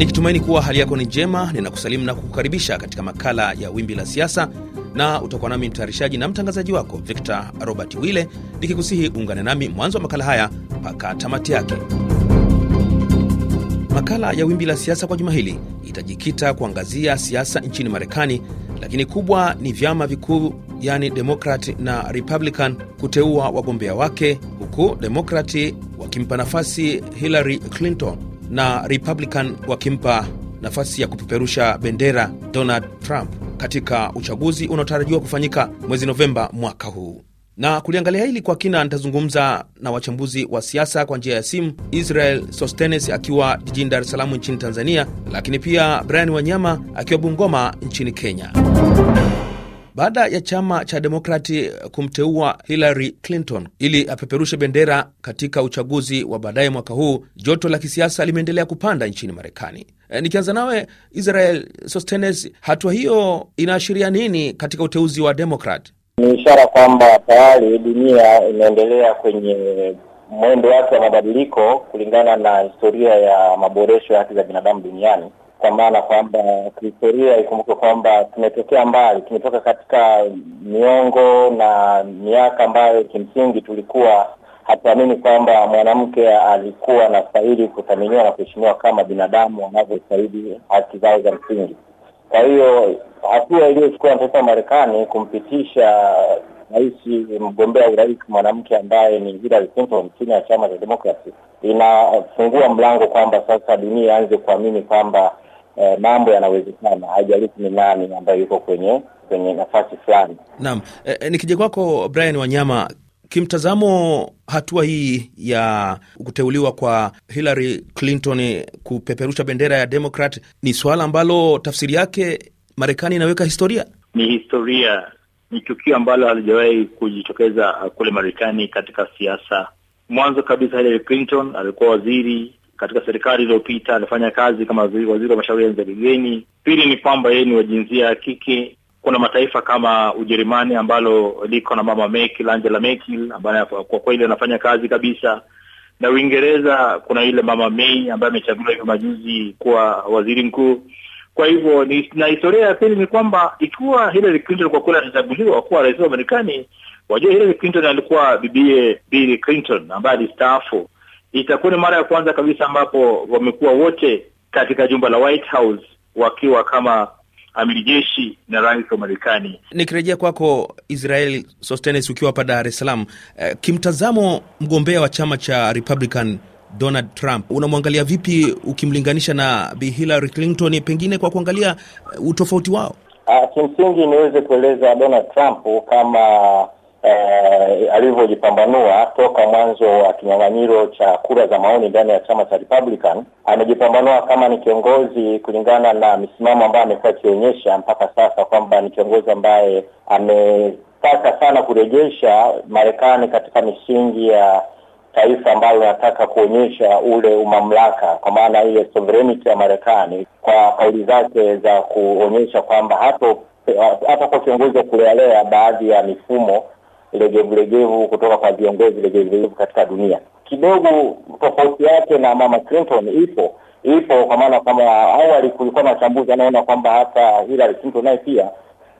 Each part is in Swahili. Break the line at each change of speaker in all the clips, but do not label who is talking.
nikitumaini kuwa hali yako ni njema. Ninakusalimu na kukukaribisha katika makala ya Wimbi la Siasa, na utakuwa nami mtayarishaji na mtangazaji wako Victor Robert Wille, nikikusihi uungane nami mwanzo wa makala haya mpaka tamati yake. Makala ya Wimbi la Siasa kwa juma hili itajikita kuangazia siasa nchini Marekani, lakini kubwa ni vyama vikuu yani demokrat na Republican kuteua wagombea wake, huku Demokrati wakimpa nafasi Hillary Clinton na Republican wakimpa nafasi ya kupeperusha bendera Donald Trump katika uchaguzi unaotarajiwa kufanyika mwezi Novemba mwaka huu. Na kuliangalia hili kwa kina, nitazungumza na wachambuzi wa siasa kwa njia ya simu, Israel Sostenes akiwa jijini Dar es Salaam nchini Tanzania, lakini pia Brian Wanyama akiwa Bungoma nchini Kenya baada ya chama cha Demokrati kumteua Hillary Clinton ili apeperushe bendera katika uchaguzi wa baadaye mwaka huu, joto la kisiasa limeendelea kupanda nchini Marekani. E, nikianza nawe Israel Sostenes, hatua hiyo inaashiria nini katika uteuzi wa Demokrat?
Ni ishara kwamba tayari dunia inaendelea kwenye mwendo wake wa mabadiliko kulingana na historia ya maboresho ya haki za binadamu duniani kwa maana kwamba kihistoria ikumbuke kwamba tumetokea mbali, tumetoka katika miongo na miaka ambayo kimsingi tulikuwa hatuamini kwamba mwanamke alikuwa anastahili kuthaminiwa na kuheshimiwa kama binadamu wanavyostahili haki zao za msingi. Kwa hiyo hatua iliyochukua taifa wa Marekani kumpitisha rais mgombea urais mwanamke ambaye ni Hillary Clinton chini ya chama cha Demokrasi inafungua mlango kwamba sasa dunia ianze kuamini kwamba eh, mambo yanawezekana, haijalishi ni nani ambaye yuko kwenye kwenye nafasi fulani.
Naam. Eh, eh nikija kwako Brian Wanyama, kimtazamo, hatua hii ya kuteuliwa kwa Hillary Clinton kupeperusha bendera ya demokrat ni swala ambalo tafsiri yake Marekani inaweka historia,
ni historia, ni tukio ambalo halijawahi kujitokeza kule Marekani katika siasa. Mwanzo kabisa Hillary Clinton alikuwa waziri katika serikali iliyopita alifanya kazi kama waziri wa mashauri ya nchi za kigeni. Pili ni kwamba yeye ni wa jinsia ya kike. Kuna mataifa kama Ujerumani ambalo liko na mama Merkel, Angela Merkel ambaye kwa kweli anafanya kazi kabisa, na Uingereza kuna yule mama May ambaye amechaguliwa hivi majuzi kuwa waziri mkuu. Kwa hivyo ni, na historia ya pili ni kwamba ikiwa Hillary Clinton kwa kweli atachaguliwa kuwa rais wa Marekani, wajua Hillary Clinton alikuwa bibie Bill Clinton ambaye alistaafu itakuwa ni mara ya kwanza kabisa ambapo wamekuwa wote katika jumba la White House wakiwa kama amiri jeshi na rais wa Marekani.
Nikirejea kwako Israel Sostenes, ukiwa hapa Dar es Salaam, eh, kimtazamo mgombea wa chama cha Republican Donald Trump unamwangalia vipi ukimlinganisha na Bi Hillary Clinton, pengine kwa kuangalia eh, utofauti wao?
Uh, kimsingi niweze
kueleza Donald Trump kama eh, alivyojipambanua toka mwanzo wa kinyang'anyiro cha kura za maoni ndani ya chama cha Republican. Amejipambanua kama ni kiongozi kulingana na misimamo ambayo amekuwa akionyesha mpaka sasa, kwamba ni kiongozi ambaye ametaka sana kurejesha Marekani katika misingi ya taifa ambalo linataka kuonyesha ule umamlaka kwa maana ile sovereignty ya Marekani, kwa kauli zake za kuonyesha kwamba hapo hata kwa kiongozi wa kulelea baadhi ya mifumo legevu legevu kutoka kwa viongozi legevu legevu katika dunia. Kidogo tofauti yake na mama Clinton ipo ipo, kwa maana kama awali kulikuwa na wachambuzi anaona kwamba hata Hillary Clinton naye pia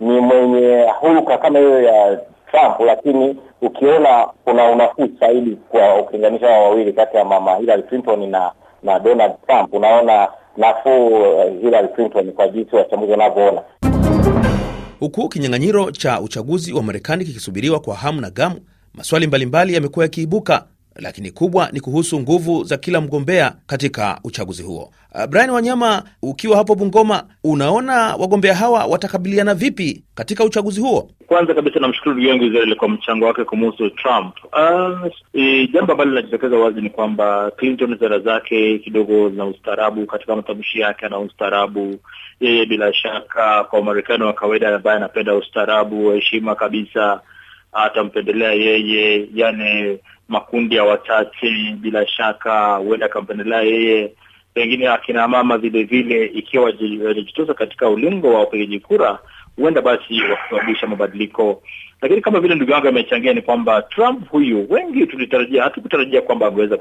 ni mwenye huruka kama hiyo ya Trump, lakini ukiona kuna unafuu zaidi kwa ukilinganisha wa wawili kati ya mama Hillary Clinton na na Donald Trump, unaona nafuu eh, Hillary Clinton kwa jinsi wachambuzi wanavyoona.
Huku kinyang'anyiro cha uchaguzi wa Marekani kikisubiriwa kwa hamu na gamu, maswali mbalimbali yamekuwa yakiibuka lakini kubwa ni kuhusu nguvu za kila mgombea katika uchaguzi huo. Uh, Brian Wanyama, ukiwa hapo Bungoma, unaona wagombea hawa watakabiliana vipi katika uchaguzi huo?
Kwanza kabisa namshukuru ndugu yangu Israel kwa mchango wake kumuhusu Trump. Uh, e, jambo ambalo linajitokeza wazi ni kwamba Clinton sera zake kidogo zina ustaarabu katika matamshi yake, ana ustaarabu yeye, bila shaka kwa Marekani wa kawaida ambaye anapenda ustaarabu, heshima kabisa atampendelea yeye, yani makundi ya wachache, bila shaka huenda akampendelea yeye, pengine akina mama vile vile, ikiwa walijitoza katika ulingo wa upigaji kura, huenda basi wakasababisha mabadiliko. Lakini kama vile ndugu yangu amechangia, ni kwamba Trump huyu, wengi tulitarajia, hatukutarajia kwamba angeweza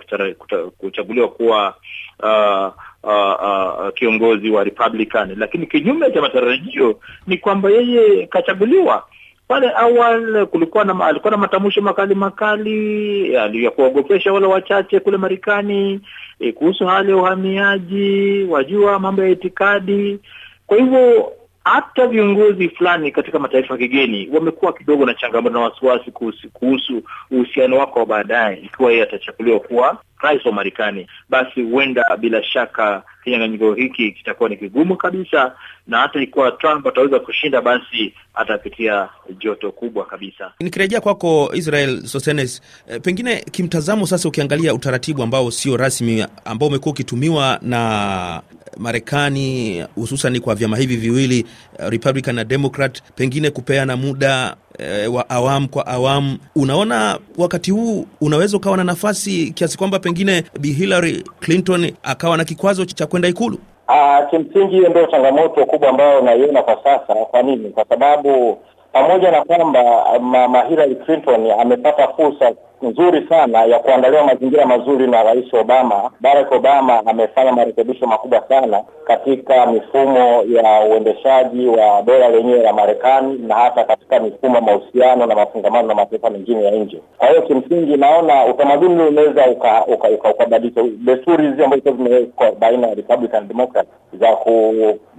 kuchaguliwa kuwa uh, uh, uh, kiongozi wa Republican, lakini kinyume cha matarajio ni kwamba yeye kachaguliwa pale awal kulikuwa na alikuwa na matamshi makali makali ya kuogopesha wale wachache kule Marekani e, kuhusu hali ya uhamiaji, wajua mambo ya itikadi. Kwa hivyo hata viongozi fulani katika mataifa kigeni wamekuwa kidogo na changamoto na wasiwasi kuhusu uhusiano wako wa baadaye, ikiwa yeye atachakuliwa kuwa rais wa Marekani, basi huenda bila shaka kinyang'anyiro hiki kitakuwa ni kigumu kabisa, na hata ikiwa Trump ataweza kushinda, basi atapitia joto kubwa kabisa.
Nikirejea kwako Israel Sosenes, e, pengine kimtazamo sasa, ukiangalia utaratibu ambao sio rasmi ambao umekuwa ukitumiwa na Marekani hususan kwa vyama hivi viwili eh, Republican na Democrat, pengine kupeana muda e, wa awamu kwa awamu, unaona wakati huu unaweza ukawa na nafasi kiasi kwamba pengine Bi Hillary Clinton akawa na kikwazo cha kwenda Ikulu?
Ah, kimsingi hiyo ndio changamoto kubwa ambayo naiona kwa sasa. Kwa nini? Kwa sababu pamoja na kwamba Mama Hillary Clinton amepata fursa nzuri sana ya kuandaliwa mazingira mazuri na Rais Obama. Barack Obama amefanya marekebisho makubwa sana katika mifumo ya uendeshaji wa dola lenyewe la Marekani na hata katika mifumo ya mahusiano na mafungamano na mataifa mengine ya nje. Kwa hiyo kimsingi, naona utamaduni unaweza ukabadilika, uka, uka, desturi hizi ambazo zimewekwa baina ya Republican Democrat za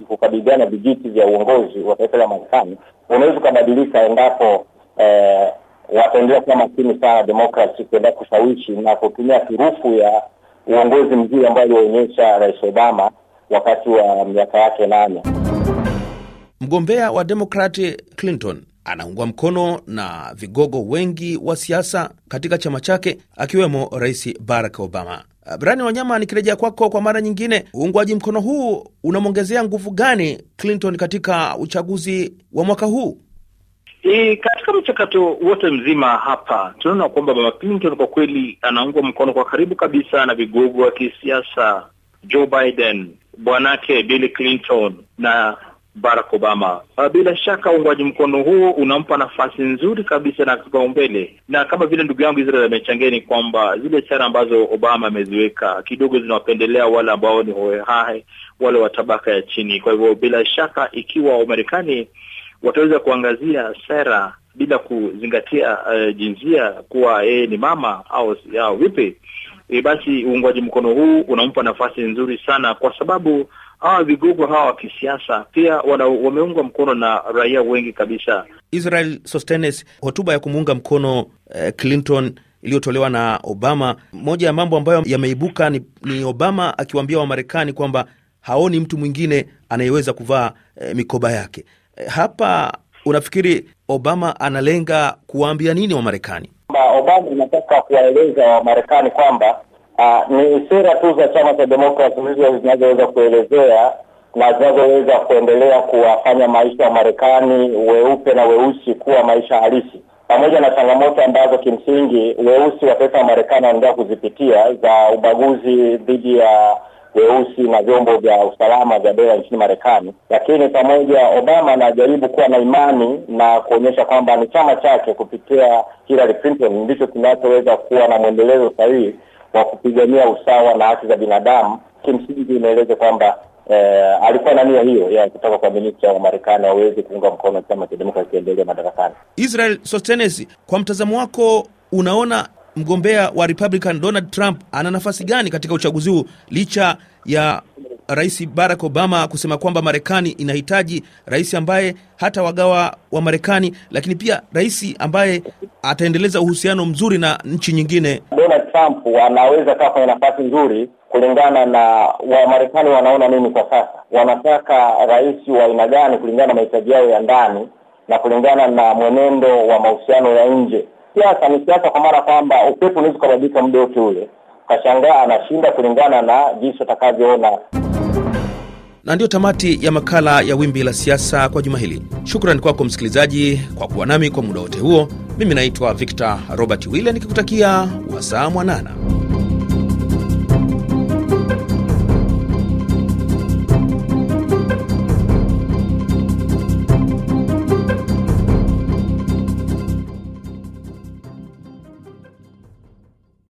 kukabiliana vijiti vya uongozi wa taifa la Marekani unaweza ukabadilika endapo eh, wataendelea kuwa makini sana demokrasi kwenda kushawishi na kutumia turufu ya uongozi mzuri ambayo alionyesha Rais Obama wakati wa miaka yake nane.
Mgombea wa Demokrati Clinton anaungwa mkono na vigogo wengi wa siasa katika chama chake akiwemo Rais Barack Obama. Brani Wanyama, nikirejea kwako kwa mara nyingine, uungwaji mkono huu unamwongezea nguvu gani Clinton katika uchaguzi wa mwaka huu?
E, katika mchakato wote mzima hapa tunaona kwamba Mama Clinton kwa kweli anaungwa mkono kwa karibu kabisa na vigogo wa kisiasa Joe Biden, bwanake Bill Clinton na Barack Obama. Ah, bila shaka uungwaji mkono huo unampa nafasi nzuri kabisa na kipaumbele, na kama vile ndugu yangu Israel amechangia, ni kwamba zile sera ambazo Obama ameziweka kidogo zinawapendelea wale ambao ni hohehahe, wale wa tabaka ya chini. Kwa hivyo bila shaka ikiwa Wamarekani wataweza kuangazia sera bila kuzingatia uh, jinsia kuwa yeye ni mama au, au vipi? E, basi uungwaji mkono huu unampa nafasi nzuri sana, kwa sababu hawa vigogo hawa wa kisiasa pia wana, wameungwa mkono na raia wengi kabisa.
Israel Sostenes, hotuba ya kumuunga mkono eh, Clinton iliyotolewa na Obama, moja ya mambo ambayo yameibuka ni, ni Obama akiwaambia Wamarekani kwamba haoni mtu mwingine anayeweza kuvaa eh, mikoba yake. Hapa unafikiri Obama analenga kuwaambia nini Wamarekani?
Obama inataka kuwaeleza
Wamarekani kwamba uh, ni sera tu za chama cha demokrasi ndizo zinazoweza kuelezea na zinazoweza kuendelea kuwafanya maisha ya Marekani weupe na weusi kuwa maisha halisi, pamoja na changamoto ambazo kimsingi weusi wa taifa wa Marekani wanaendelea kuzipitia za ubaguzi dhidi ya weusi na vyombo vya usalama vya dola nchini Marekani, lakini pamoja, Obama anajaribu kuwa na imani na kuonyesha kwamba ni chama chake kupitia Hillary Clinton ndicho kinachoweza kuwa na mwendelezo sahihi wa kupigania usawa na haki za binadamu. Kimsingi inaeleza kwamba Eh, alikuwa na nia hiyo ya kutoka kwa minista wa Marekani aweze kuunga mkono chama cha demokrasi kiendelee madarakani.
Israel Sostenes, kwa mtazamo wako, unaona mgombea wa Republican Donald Trump ana nafasi gani katika uchaguzi huu licha ya Rais Barack Obama kusema kwamba Marekani inahitaji rais ambaye hata wagawa wa Marekani, lakini pia rais ambaye ataendeleza uhusiano mzuri na nchi nyingine.
Donald Trump anaweza kaa kwenye nafasi nzuri kulingana na Wamarekani wanaona nini kwa sasa, wanataka rais wa aina gani kulingana na mahitaji yao ya ndani na kulingana na mwenendo wa mahusiano ya nje siasa ni siasa, kwa maana kwamba upepo unaweza ukabadilika muda wote ule, ukashangaa anashinda kulingana na jinsi utakavyoona.
Na ndiyo tamati ya makala ya Wimbi la Siasa kwa juma hili. Shukrani kwako msikilizaji kwa kuwa nami kwa muda wote huo. Mimi naitwa Victor Robert Wille nikikutakia wasaa mwanana.